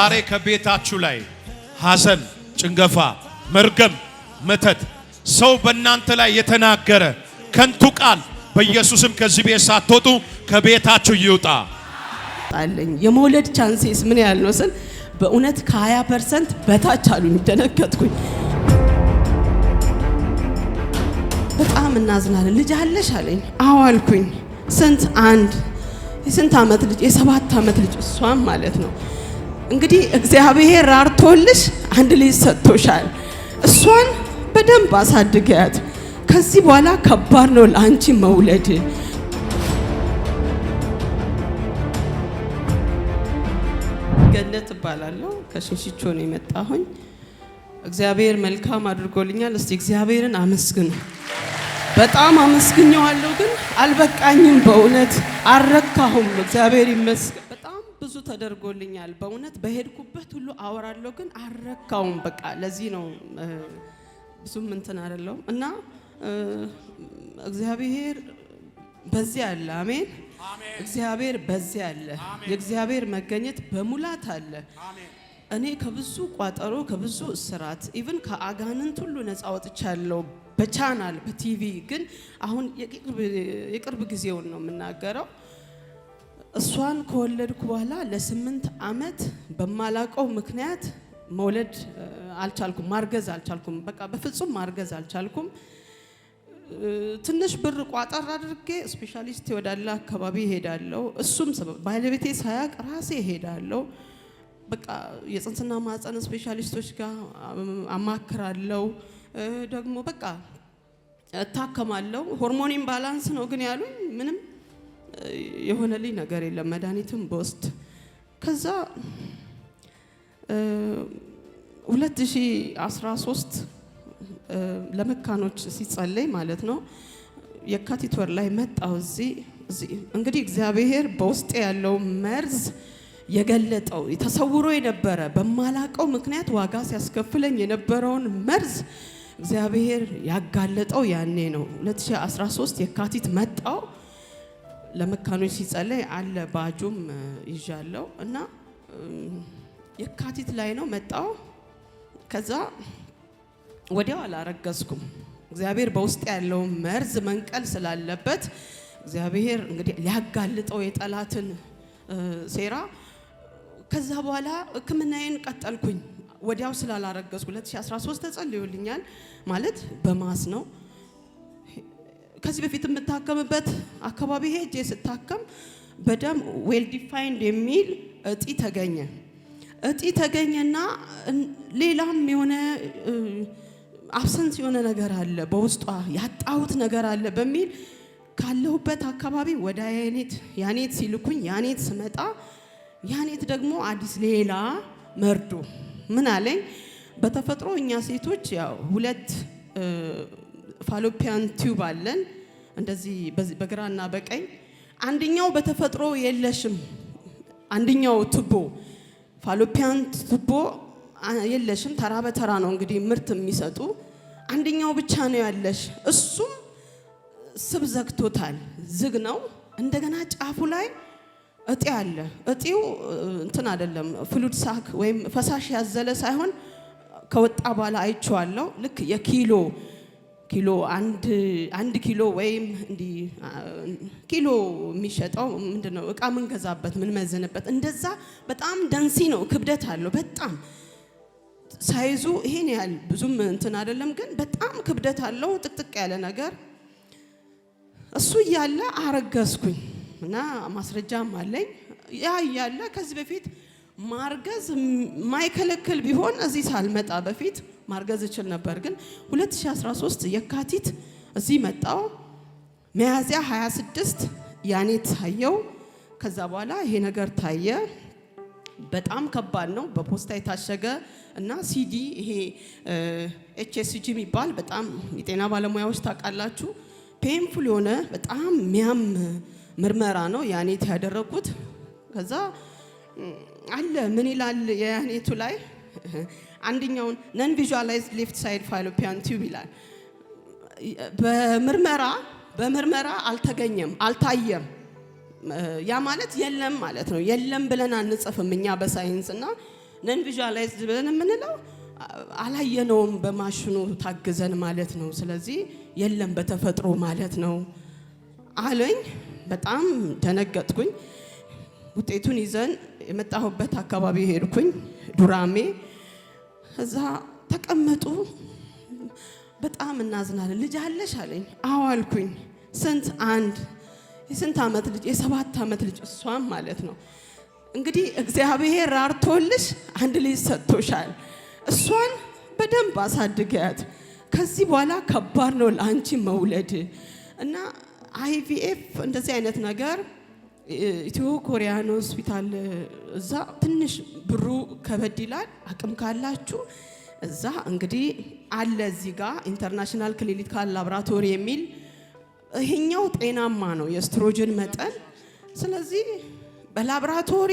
ዛሬ ከቤታችሁ ላይ ሐዘን፣ ጭንገፋ፣ መርገም፣ መተት ሰው በእናንተ ላይ የተናገረ ከንቱ ቃል በኢየሱስም ከዚህ ቤት ሳትወጡ ከቤታችሁ ይውጣ። አለኝ የመውለድ ቻንሴስ ምን ያህል ነው ስል በእውነት ከ20 ፐርሰንት በታች አሉኝ። ደነገጥኩኝ። በጣም እናዝናለን። ልጅ አለሽ አለኝ። አዎ አልኩኝ። ስንት አንድ የስንት ዓመት ልጅ የሰባት ዓመት ልጅ እሷም ማለት ነው እንግዲህ እግዚአብሔር ራርቶልሽ አንድ ልጅ ሰጥቶሻል። እሷን በደንብ አሳድገያት። ከዚህ በኋላ ከባድ ነው ለአንቺ መውለድ። ገነት እባላለሁ። ከሸሽቾ ነው የመጣሁኝ። እግዚአብሔር መልካም አድርጎልኛል። እስቲ እግዚአብሔርን አመስግኑ። በጣም አመስግኘዋለሁ፣ ግን አልበቃኝም። በእውነት አልረካሁም። እግዚአብሔር ይመስገን። ብዙ ተደርጎልኛል። በእውነት በሄድኩበት ሁሉ አወራለሁ፣ ግን አረካውም። በቃ ለዚህ ነው ብዙም እንትን አይደለሁም እና እግዚአብሔር በዚህ አለ። አሜን። እግዚአብሔር በዚህ አለ። የእግዚአብሔር መገኘት በሙላት አለ። እኔ ከብዙ ቋጠሮ ከብዙ እስራት ኢቭን ከአጋንንት ሁሉ ነፃ ወጥቻለሁ። በቻናል በቲቪ ግን አሁን የቅርብ ጊዜውን ነው የምናገረው እሷን ከወለድኩ በኋላ ለስምንት ዓመት በማላቀው ምክንያት መውለድ አልቻልኩም፣ ማርገዝ አልቻልኩም። በቃ በፍጹም ማርገዝ አልቻልኩም። ትንሽ ብር ቋጠር አድርጌ ስፔሻሊስት ወዳለ አካባቢ ሄዳለሁ እሱም ባለቤቴ ሳያቅ ራሴ እሄዳለሁ። በቃ የጽንስና ማህፀን ስፔሻሊስቶች ጋር አማክራለሁ። ደግሞ በቃ እታከማለሁ። ሆርሞን ኢምባላንስ ነው ግን ያሉኝ ምንም የሆነልኝ ነገር የለም። መድኃኒትም በወስድ ከዛ 2013 ለመካኖች ሲጸለይ ማለት ነው የካቲት ወር ላይ መጣው እዚህ እንግዲህ እግዚአብሔር በውስጤ ያለው መርዝ የገለጠው ተሰውሮ የነበረ በማላቀው ምክንያት ዋጋ ሲያስከፍለኝ የነበረውን መርዝ እግዚአብሔር ያጋለጠው ያኔ ነው። 2013 የካቲት መጣው ለመካኖች ሲጸለይ አለ ባጁም ይዣለው እና የካቲት ላይ ነው መጣው። ከዛ ወዲያው አላረገዝኩም። እግዚአብሔር በውስጥ ያለውን መርዝ መንቀል ስላለበት እግዚአብሔር እንግዲህ ሊያጋልጠው የጠላትን ሴራ ከዛ በኋላ ሕክምናዬን ቀጠልኩኝ። ወዲያው ስላላረገዝኩ 2013 ተጸልዩልኛል ማለት በማስ ነው። ከዚህ በፊት የምታከምበት አካባቢ ሄጄ ስታከም በደም ዌል ዲፋይንድ የሚል እጢ ተገኘ። እጢ ተገኘና ሌላም የሆነ አብሰንስ የሆነ ነገር አለ በውስጧ ያጣሁት ነገር አለ በሚል ካለሁበት አካባቢ ወደ ያኔት ያኔት ሲልኩኝ ያኔት ስመጣ ያኔት ደግሞ አዲስ ሌላ መርዶ ምን አለኝ። በተፈጥሮ እኛ ሴቶች ያው ሁለት ፋሎፒያን ቲዩብ አለን። እንደዚህ በግራና በቀኝ አንደኛው በተፈጥሮ የለሽም። አንደኛው ቱቦ ፋሎፒያን ቱቦ የለሽም። ተራ በተራ ነው እንግዲህ ምርት የሚሰጡ አንደኛው ብቻ ነው ያለሽ። እሱም ስብ ዘግቶታል፣ ዝግ ነው። እንደገና ጫፉ ላይ እጢ አለ። እጢው እንትን አይደለም ፍሉድ ሳክ ወይም ፈሳሽ ያዘለ ሳይሆን ከወጣ በኋላ አይቼዋለሁ። ልክ የኪሎ ኪሎ አንድ ኪሎ ወይም እንዲህ ኪሎ የሚሸጠው ምንድን ነው እቃ ምንገዛበት ምንመዝንበት እንደዛ በጣም ደንሲ ነው፣ ክብደት አለው በጣም ሳይዙ ይሄን ያህል ብዙም እንትን አይደለም፣ ግን በጣም ክብደት አለው ጥቅጥቅ ያለ ነገር። እሱ እያለ አረገዝኩኝ እና ማስረጃም አለኝ። ያ እያለ ከዚህ በፊት ማርገዝ ማይከለክል ቢሆን እዚህ ሳልመጣ በፊት ማርገዝ እችል ነበር። ግን 2013 የካቲት እዚህ መጣው። ሚያዝያ 26 ያኔ ታየው። ከዛ በኋላ ይሄ ነገር ታየ። በጣም ከባድ ነው። በፖስታ የታሸገ እና ሲዲ ይሄ ኤችኤስጂ የሚባል በጣም የጤና ባለሙያዎች ታውቃላችሁ፣ ፔንፉል የሆነ በጣም ሚያም ምርመራ ነው ያኔት ያደረጉት። ከዛ አለ ምን ይላል የያኔቱ ላይ አንደኛውን ነን ቪዥዋላይዝድ ሌፍት ሳይድ ፋሎፒያን ቲዩብ ይላል። በምርመራ በምርመራ አልተገኘም፣ አልታየም። ያ ማለት የለም ማለት ነው። የለም ብለን አንጽፍም እኛ በሳይንስ እና ነን ቪዥዋላይዝድ ብለን የምንለው አላየነውም በማሽኑ ታግዘን ማለት ነው። ስለዚህ የለም በተፈጥሮ ማለት ነው አለኝ። በጣም ደነገጥኩኝ። ውጤቱን ይዘን የመጣሁበት አካባቢ ሄድኩኝ ዱራሜ እዛ ተቀመጡ። በጣም እናዝናለን። ልጅ አለሽ አለኝ። አዎ አልኩኝ። ስንት? አንድ። የስንት ዓመት ልጅ? የሰባት ዓመት ልጅ። እሷም ማለት ነው እንግዲህ እግዚአብሔር ራርቶልሽ አንድ ልጅ ሰጥቶሻል። እሷን በደንብ አሳድገያት ከዚህ በኋላ ከባድ ነው ለአንቺ መውለድ እና አይቪኤፍ እንደዚህ አይነት ነገር ኢትዮ ኮሪያን ሆስፒታል እዛ ትንሽ ብሩ ከበድ ይላል። አቅም ካላችሁ እዛ እንግዲህ አለ እዚህ ጋር ኢንተርናሽናል ክሊኒካል ላብራቶሪ የሚል ይሄኛው ጤናማ ነው የስትሮጅን መጠን። ስለዚህ በላብራቶሪ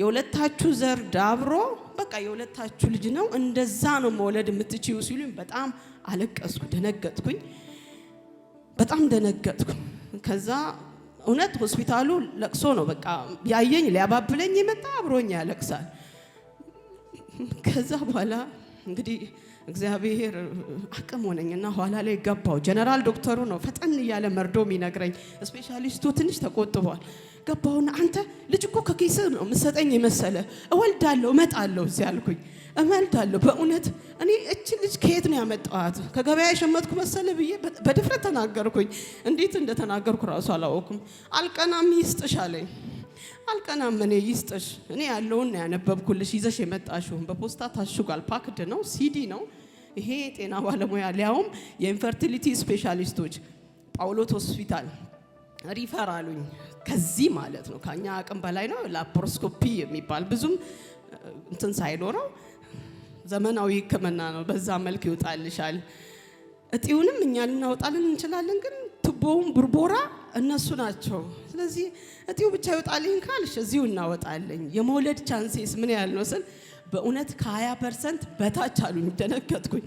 የሁለታችሁ ዘር ዳብሮ በቃ የሁለታችሁ ልጅ ነው እንደዛ ነው መውለድ የምትችዩ ሲሉኝ በጣም አለቀስኩ፣ ደነገጥኩኝ፣ በጣም ደነገጥኩ ከዛ እውነት ሆስፒታሉ ለቅሶ ነው። በቃ ያየኝ ሊያባብለኝ የመጣ አብሮኝ ያለቅሳል። ከዛ በኋላ እንግዲህ እግዚአብሔር አቅም ሆነኝና ኋላ ላይ ገባው። ጀነራል ዶክተሩ ነው ፈጠን እያለ መርዶ የሚነግረኝ። ስፔሻሊስቱ ትንሽ ተቆጥቧል። ገባውና አንተ ልጅ እኮ ከኪስ ነው የምትሰጠኝ የመሰለ እወልዳለሁ እመጣለሁ እዚህ አልኩኝ። እመልዳለሁ በእውነት እኔ እች ልጅ ከየት ነው ያመጣዋት ከገበያ የሸመትኩ መሰለ ብዬ በድፍረት ተናገርኩኝ። እንዴት እንደተናገርኩ ራሱ አላወኩም። አልቀናም ይስጥሽ አለኝ። አልቀናም እኔ ይስጥሽ። እኔ ያለውን ያነበብኩልሽ ይዘሽ የመጣሽውን በፖስታ ታሽጓል። ፓክድ ነው፣ ሲዲ ነው። ይሄ የጤና ባለሙያ ሊያውም የኢንፈርቲሊቲ ስፔሻሊስቶች ጳውሎት ሆስፒታል ሪፈር አሉኝ። ከዚህ ማለት ነው ከኛ አቅም በላይ ነው። ላፕሮስኮፒ የሚባል ብዙም እንትን ሳይኖረው ዘመናዊ ሕክምና ነው። በዛ መልክ ይወጣልሻል። እጢውንም እኛ ልናወጣልን እንችላለን፣ ግን ቱቦውን ቡርቦራ እነሱ ናቸው። ስለዚህ እጢው ብቻ ይወጣልኝ ካልሽ እዚሁ እናወጣለኝ። የመውለድ ቻንሴስ ምን ያህል ነው ስል በእውነት ከ20 ፐርሰንት በታች አሉኝ። ደነገጥኩኝ።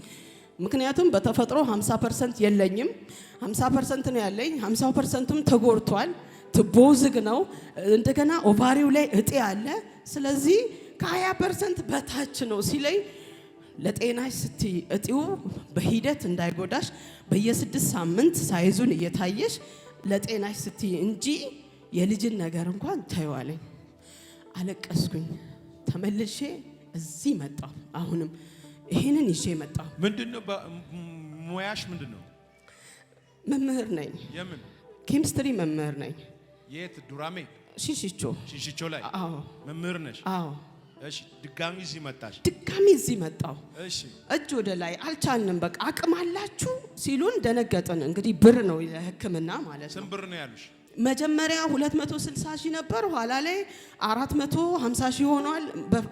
ምክንያቱም በተፈጥሮ 50 ፐርሰንት የለኝም። 50 ፐርሰንት ነው ያለኝ። 50 ፐርሰንቱም ተጎድቷል። ትቦ ዝግ ነው። እንደገና ኦቫሪው ላይ እጤ አለ። ስለዚህ ከ20 ፐርሰንት በታች ነው ሲለኝ ለጤናሽ ስቲ እጢው በሂደት እንዳይጎዳሽ በየስድስት ሳምንት ሳይዙን እየታየሽ ለጤናሽ ስቲ እንጂ የልጅን ነገር እንኳን ተይዋለኝ። አለቀስኩኝ። ተመልሼ እዚህ መጣሁ አሁንም ይሄንን ይዤ መጣሁ። ምንድነው ሙያሽ? ምንድነው? መምህር ነኝ። የምን ኬሚስትሪ መምህር ነኝ። የት? ዱራሜ ሽሽቾ። ሽሽቾ ላይ? አዎ። መምህር ነሽ? አዎ። እሺ። ድጋሚ እዚህ መጣሽ? ድጋሚ እዚህ መጣሁ። እሺ። እጅ ወደ ላይ አልቻልንም። በቃ አቅም አላችሁ ሲሉን ደነገጥን። እንግዲህ ብር ነው ለሕክምና ማለት ነው። ስንት ብር ነው ያሉሽ? መጀመሪያ 260 ሺህ ነበር። ኋላ ላይ 450 ሺህ ሆኗል።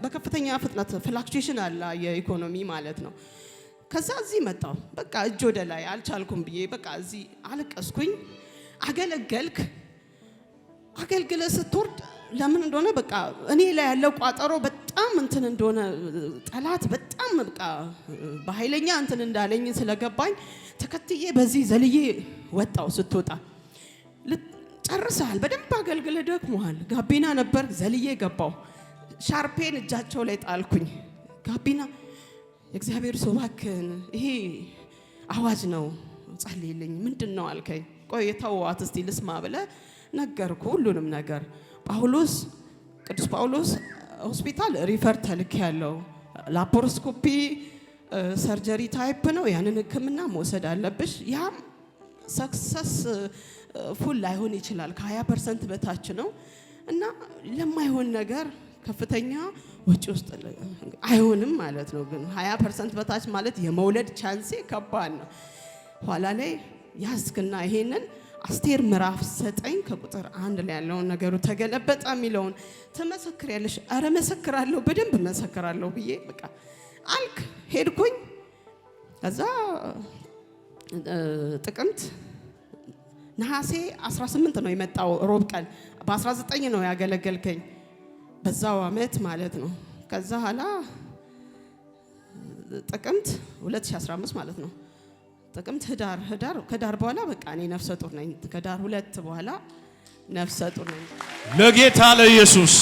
በከፍተኛ ፍጥነት ፍላክቹዌሽን አለ የኢኮኖሚ ማለት ነው። ከዛ እዚህ መጣው በቃ እጅ ወደ ላይ አልቻልኩም ብዬ በቃ እዚህ አለቀስኩኝ። አገለገልክ አገልግለ ስትወርድ ለምን እንደሆነ በቃ እኔ ላይ ያለው ቋጠሮ በጣም እንትን እንደሆነ ጠላት በጣም በቃ በኃይለኛ እንትን እንዳለኝ ስለገባኝ ተከትዬ በዚህ ዘልዬ ወጣው ስትወጣ ጨርሰሃል። በደንብ አገልግለ ደክሞሃል። ጋቢና ነበር ዘልዬ ገባው። ሻርፔን እጃቸው ላይ ጣልኩኝ። ጋቢና የእግዚአብሔር ሰው እባክህን፣ ይሄ አዋጅ ነው ጸልይልኝ። ምንድን ነው አልከኝ። ቆይ የተዋት እስቲ ልስማ ብለ ነገርኩ ሁሉንም ነገር። ጳውሎስ ቅዱስ ጳውሎስ ሆስፒታል ሪፈር ተልክ ያለው ላፖሮስኮፒ ሰርጀሪ ታይፕ ነው። ያንን ህክምና መውሰድ አለብሽ ያም ሰክሰስ ፉል uh, ላይሆን ይችላል። ከ20 ፐርሰንት በታች ነው እና ለማይሆን ነገር ከፍተኛ ወጪ ውስጥ አይሆንም ማለት ነው። ግን 20 ፐርሰንት በታች ማለት የመውለድ ቻንሴ ከባድ ነው። ኋላ ላይ ያስክና ይሄንን አስቴር ምዕራፍ ዘጠኝ ከቁጥር አንድ ላይ ያለውን ነገሩ ተገለበጠ የሚለውን ትመሰክሪያለሽ። አረ መሰክራለሁ፣ በደንብ መሰክራለሁ ብዬ በቃ አልክ ሄድኩኝ ከዛ ጥቅምት ነሐሴ 18 ነው የመጣው ሮብ ቀን በ19 ነው ያገለገልከኝ በዛው አመት ማለት ነው። ከዛ ኋላ ጥቅምት 2015 ማለት ነው። ጥቅምት ህዳር ህዳር ከዳር በኋላ በቃ እኔ ነፍሰ ጡር ነኝ። ከዳር ሁለት በኋላ ነፍሰ ጡር ነኝ። ለጌታ ለኢየሱስ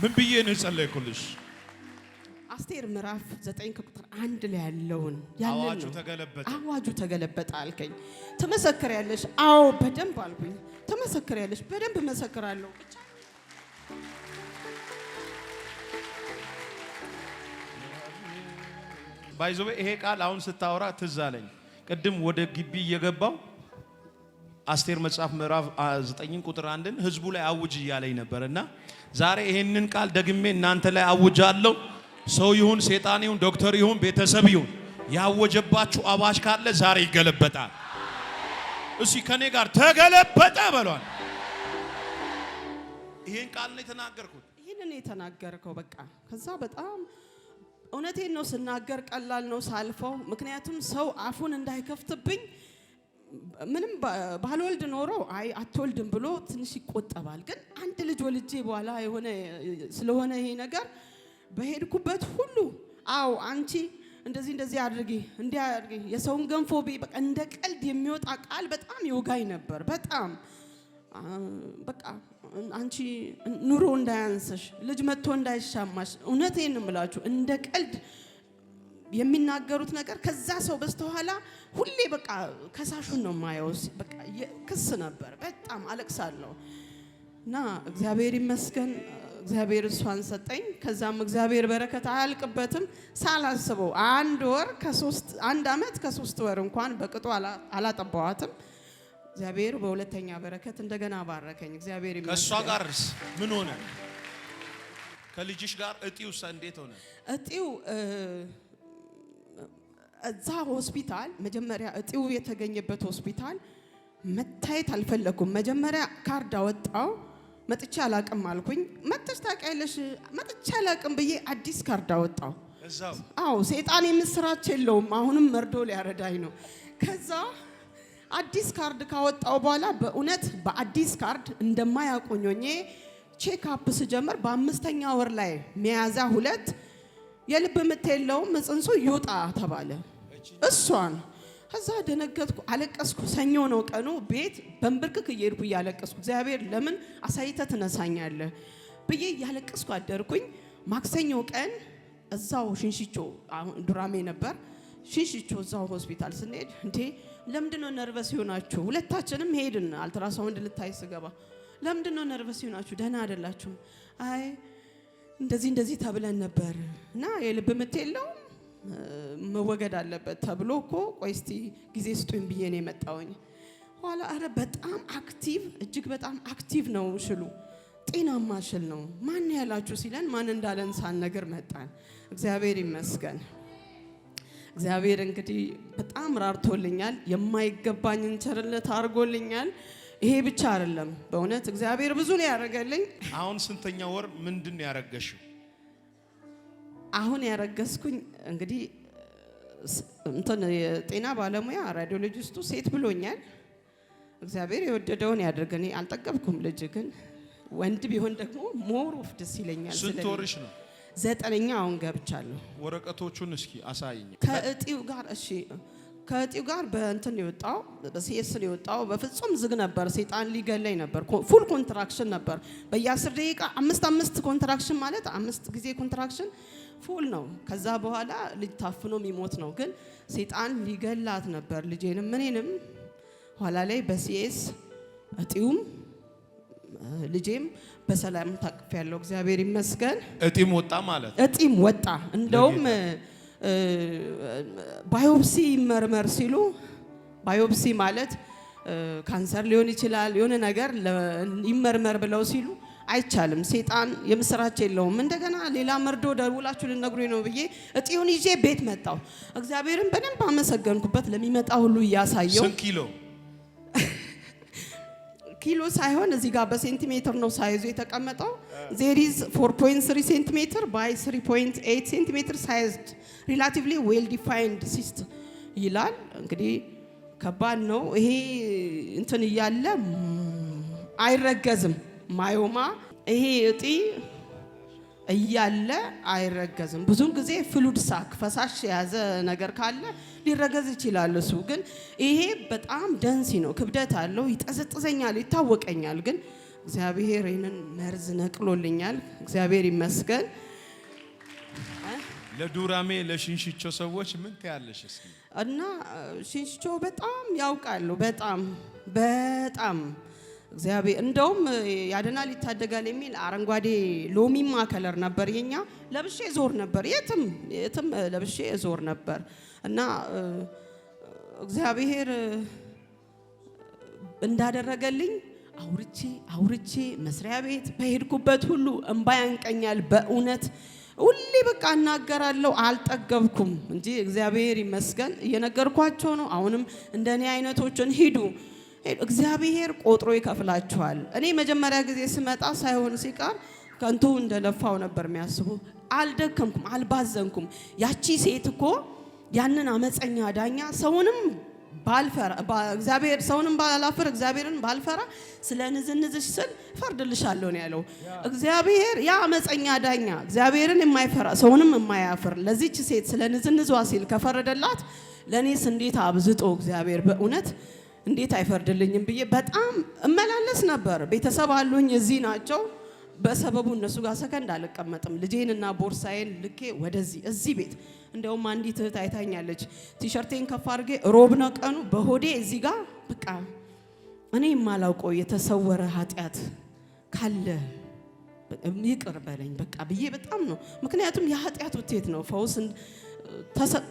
ምን ብዬ ነው የጸለይኩልሽ? አስቴር ምዕራፍ 9 ቁጥር 1 ላይ ያለውን አዋጁ ተገለበጠ አዋጁ ተገለበጠ አልከኝ። ትመሰክሪያለሽ? አዎ በደንብ አልኩኝ። ያለሽ? በደንብ እመሰክራለሁ። ባይዘዌ ይሄ ቃል አሁን ስታወራ ትዝ አለኝ። ቅድም ወደ ግቢ እየገባው አስቴር መጽሐፍ ምዕራፍ 9 ቁጥር አንድን ህዝቡ ላይ አውጅ እያለኝ ነበር እና ዛሬ ይሄንን ቃል ደግሜ እናንተ ላይ አውጃለሁ። ሰው ይሁን ሴጣን ይሁን ዶክተር ይሁን ቤተሰብ ይሁን ያወጀባችሁ አዋጅ ካለ ዛሬ ይገለበጣል። እስኪ ከኔ ጋር ተገለበጠ በሏል። ይሄን ቃል ነው የተናገርኩት። ይህንን የተናገርከው በቃ ከዛ በጣም እውነቴን ነው ስናገር ቀላል ነው ሳልፈው። ምክንያቱም ሰው አፉን እንዳይከፍትብኝ ምንም ባልወልድ ኖሮ አይ አትወልድም ብሎ ትንሽ ይቆጠባል። ግን አንድ ልጅ ወልጄ በኋላ የሆነ ስለሆነ ይሄ ነገር በሄድኩበት ሁሉ አዎ አንቺ እንደዚህ እንደዚህ አድርጊ እንዲህ አድርጊ የሰውን ገንፎ ቤ በቃ እንደ ቀልድ የሚወጣ ቃል በጣም ይወጋኝ ነበር። በጣም በቃ አንቺ ኑሮ እንዳያንስሽ ልጅ መጥቶ እንዳይሻማሽ፣ እውነቴን እምላችሁ እንደ ቀልድ የሚናገሩት ነገር ከዛ ሰው በስተኋላ ሁሌ በቃ ከሳሹን ነው የማየው። በቃ ክስ ነበር። በጣም አለቅሳለሁ እና እግዚአብሔር ይመስገን እግዚአብሔር እሷን ሰጠኝ። ከዛም እግዚአብሔር በረከት አያልቅበትም። ሳላስበው አንድ ወር ከሶስት አንድ ዓመት ከሶስት ወር እንኳን በቅጡ አላጠባዋትም። እግዚአብሔር በሁለተኛ በረከት እንደገና ባረከኝ። እግዚአብሔር ከእሷ ጋር ምን ሆነ? ከልጅሽ ጋር እጢውሳ እንዴት ሆነ? እጢው እዛ ሆስፒታል መጀመሪያ እጢው የተገኘበት ሆስፒታል መታየት አልፈለኩም። መጀመሪያ ካርድ አወጣው መጥቼ አላቅም አልኩኝ። መጥተሽ ታውቂያለሽ? መጥቼ አላቅም ብዬ አዲስ ካርድ አወጣው። አዎ ሴጣን የምስራች የለውም፣ አሁንም መርዶ ሊያረዳኝ ነው። ከዛ አዲስ ካርድ ካወጣው በኋላ በእውነት በአዲስ ካርድ እንደማያቆኞኜ ቼክ አፕ ስጀምር በአምስተኛ ወር ላይ ሚያዝያ ሁለት የልብ ምት የለውም ጽንሱ ይውጣ ተባለ። እሷን ከዛ ደነገጥኩ፣ አለቀስኩ። ሰኞ ነው ቀኑ። ቤት በንብርክክ እየሄድኩ እያለቀስኩ እግዚአብሔር ለምን አሳይተ ትነሳኛለህ ብዬ እያለቀስኩ አደርኩኝ። ማክሰኞ ቀን እዛው ሽንሽቾ ዱራሜ ነበር። ሽንሽቾ እዛው ሆስፒታል ስንሄድ እንዴ ለምንድነው ነርቨስ ይሆናችሁ? ሁለታችንም ሄድን። አልትራሳውንድ ልታይ ስገባ ለምንድነው ነርቨስ ይሆናችሁ? ደህና አይደላችሁም? አይ እንደዚህ እንደዚህ ተብለን ነበር እና የልብ ምት የለውም መወገድ አለበት ተብሎ እኮ ቆይ እስቲ ጊዜ ስጡኝ ብዬ ነው የመጣውኝ። ኋላ አረ በጣም አክቲቭ እጅግ በጣም አክቲቭ ነው ሽሉ ጤናማ ሽል ነው። ማን ያላችሁ ሲለን ማን እንዳለን ሳንነግር መጣን። እግዚአብሔር ይመስገን። እግዚአብሔር እንግዲህ በጣም ራርቶልኛል። የማይገባኝን ቸርነት አድርጎልኛል። ይሄ ብቻ አይደለም፣ በእውነት እግዚአብሔር ብዙ ነው ያደረገልኝ። አሁን ስንተኛ ወር ምንድን ነው ያረገሽው? አሁን ያረገዝኩኝ እንግዲህ እንትን የጤና ባለሙያ ራዲዮሎጂስቱ ሴት ብሎኛል። እግዚአብሔር የወደደውን ያድርገን። አልጠገብኩም። ልጅ ግን ወንድ ቢሆን ደግሞ ሞር ሞሩፍ ደስ ይለኛል። ስንት ወርሽ ነው? ዘጠነኛ አሁን ገብቻለሁ። ወረቀቶቹን እስኪ አሳይኝ። ከእጢው ጋር እሺ፣ ከእጢው ጋር በእንትን የወጣው በሲኤስ የወጣው በፍጹም ዝግ ነበር። ሴጣን ሊገለኝ ነበር። ፉል ኮንትራክሽን ነበር በየአስር ደቂቃ አምስት አምስት ኮንትራክሽን ማለት አምስት ጊዜ ኮንትራክሽን ፉል ነው። ከዛ በኋላ ልጅ ታፍኖ የሚሞት ነው። ግን ሴጣን ሊገላት ነበር ልጄንም እኔንም። ኋላ ላይ በሲኤስ እጢውም ልጄም በሰላም ታቅፍ ያለው እግዚአብሔር ይመስገን። እጢም ወጣ ማለት እጢም ወጣ። እንደውም ባዮፕሲ ይመርመር ሲሉ ባዮፕሲ ማለት ካንሰር ሊሆን ይችላል የሆነ ነገር ይመርመር ብለው ሲሉ አይቻልም። ሴጣን የምስራች የለውም። እንደገና ሌላ መርዶ ደውላችሁ ልነግሩኝ ነው ብዬ እጢውን ይዤ ቤት መጣሁ። እግዚአብሔርን በደንብ አመሰገንኩበት። ለሚመጣ ሁሉ እያሳየው ኪሎ ኪሎ ሳይሆን እዚህ ጋር በሴንቲሜትር ነው ሳይዙ የተቀመጠው። ዜሪዝ 4.3 ሴንቲሜትር ባይ 3.8 ሴንቲሜትር ሳይዝድ ሪላቲቭሊ ዌል ዲፋይንድ ሲስት ይላል። እንግዲህ ከባድ ነው ይሄ እንትን እያለ አይረገዝም ማዮማ ይሄ እጢ እያለ አይረገዝም። ብዙን ጊዜ ፍሉድ ሳክ ፈሳሽ የያዘ ነገር ካለ ሊረገዝ ይችላል። እሱ ግን ይሄ በጣም ደንሲ ነው፣ ክብደት አለው፣ ይጠዘጥዘኛል፣ ይታወቀኛል። ግን እግዚአብሔር ይህንን መርዝ ነቅሎልኛል። እግዚአብሔር ይመስገን። ለዱራሜ ለሽንሽቾ ሰዎች ምን ትያለሽ? እስኪ እና ሽንሽቾ በጣም ያውቃሉ፣ በጣም በጣም እግዚአብሔር እንደውም ያድናል ይታደጋል የሚል አረንጓዴ ሎሚማ ከለር ነበር የኛ። ለብሼ ዞር ነበር የትም የትም ለብሼ ዞር ነበር እና እግዚአብሔር እንዳደረገልኝ አውርቼ አውርቼ መስሪያ ቤት በሄድኩበት ሁሉ እንባ ያንቀኛል በእውነት ሁሌ በቃ እናገራለሁ። አልጠገብኩም እንጂ እግዚአብሔር ይመስገን እየነገርኳቸው ነው። አሁንም እንደኔ አይነቶችን ሂዱ እግዚአብሔር ቆጥሮ ይከፍላችኋል። እኔ መጀመሪያ ጊዜ ስመጣ ሳይሆን ሲቀር ከንቱ እንደለፋው ነበር የሚያስቡ። አልደከምኩም፣ አልባዘንኩም። ያቺ ሴት እኮ ያንን አመፀኛ ዳኛ ሰውንም ባልፈራ እግዚአብሔር ሰውንም ባላፈር እግዚአብሔርን ባልፈራ ስለ ንዝንዝሽ ስል ፈርድልሻለሁ ነው ያለው። እግዚአብሔር ያ አመፀኛ ዳኛ እግዚአብሔርን የማይፈራ ሰውንም የማያፍር ለዚች ሴት ስለ ንዝንዟ ሲል ከፈረደላት ለእኔስ እንዴት አብዝጦ እግዚአብሔር በእውነት እንዴት አይፈርድልኝም ብዬ በጣም እመላለስ ነበር። ቤተሰብ አሉኝ፣ እዚህ ናቸው። በሰበቡ እነሱ ጋር ሰከንድ አልቀመጥም። ልጄንና ቦርሳዬን ልኬ ወደዚህ እዚህ ቤት እንደውም አንዲት እህት አይታኛለች። ቲሸርቴን ከፍ አድርጌ ሮብ ነው ቀኑ፣ በሆዴ እዚህ ጋር በቃ እኔ የማላውቀው የተሰወረ ኃጢአት ካለ ይቅር በለኝ በቃ ብዬ በጣም ነው። ምክንያቱም የኃጢአት ውጤት ነው። ፈውስ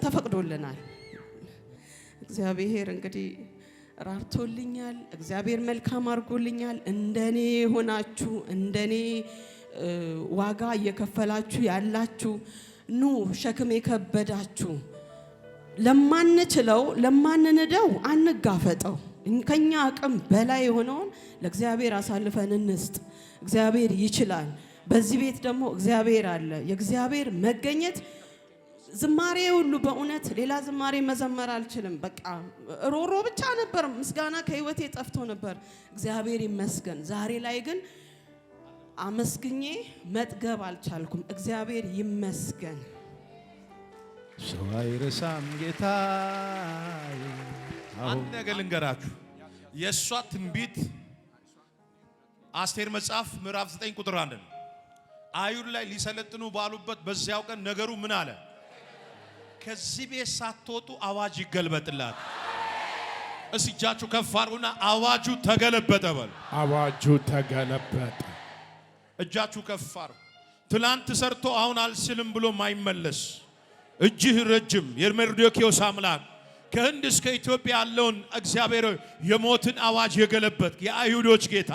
ተፈቅዶልናል። እግዚአብሔር እንግዲህ ራርቶልኛል። እግዚአብሔር መልካም አድርጎልኛል። እንደኔ ሆናችሁ እንደኔ ዋጋ እየከፈላችሁ ያላችሁ ኑ ሸክም የከበዳችሁ ለማንችለው ለማንንደው አንጋፈጠው። ከኛ አቅም በላይ የሆነውን ለእግዚአብሔር አሳልፈን እንስጥ። እግዚአብሔር ይችላል። በዚህ ቤት ደግሞ እግዚአብሔር አለ። የእግዚአብሔር መገኘት ዝማሬ ሁሉ በእውነት ሌላ ዝማሬ መዘመር አልችልም። በቃ ሮሮ ብቻ ነበር፣ ምስጋና ከህይወቴ ጠፍቶ ነበር። እግዚአብሔር ይመስገን። ዛሬ ላይ ግን አመስግኜ መጥገብ አልቻልኩም። እግዚአብሔር ይመስገን። ሰው አይረሳም ጌታ። አንድ ነገር ልንገራችሁ፣ የእሷ ትንቢት አስቴር መጽሐፍ ምዕራፍ 9 ቁጥር አንድ ነው። አይሁድ ላይ ሊሰለጥኑ ባሉበት በዚያው ቀን ነገሩ ምን አለ? ከዚህ ቤት ሳትወጡ አዋጅ ይገልበጥላት። እስ እጃችሁ ከፍ አድርጉና አዋጁ ተገለበጠ በል። አዋጁ ተገለበጠ። እጃችሁ ከፍ ትላንት ሰርቶ አሁን አልችልም ብሎ ማይመለስ እጅህ ረጅም የመርዶኪዮስ አምላክ ከህንድ እስከ ኢትዮጵያ ያለውን እግዚአብሔር የሞትን አዋጅ የገለበት የአይሁዶች ጌታ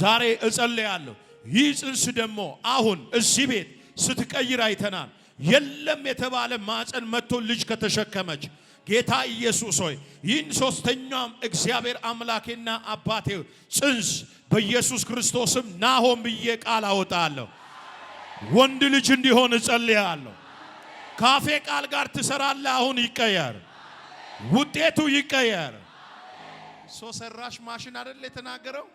ዛሬ እጸለያለሁ። ይህ ጽንስ ደግሞ አሁን እዚህ ቤት ስትቀይር አይተናል። የለም የተባለ ማፀን መጥቶ ልጅ ከተሸከመች ጌታ ኢየሱስ ሆይ ይህን ሶስተኛውም እግዚአብሔር አምላኬና አባቴ ጽንስ በኢየሱስ ክርስቶስም ናሆም ብዬ ቃል አወጣለሁ። ወንድ ልጅ እንዲሆን እጸልያለሁ። ካፌ ቃል ጋር ትሰራለህ። አሁን ይቀየር፣ ውጤቱ ይቀየር። ሰው ሰራሽ ማሽን አደለ የተናገረው?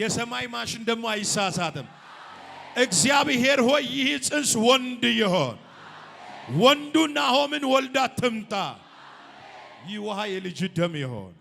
የሰማይ ማሽን ደግሞ አይሳሳትም። እግዚአብሔር ሆይ ይህ ጽንስ ወንድ ይሆን ወንዱና ሆምን ወልዳ ትምጣ። ይህ ውሃ የልጅ ደም ይሆን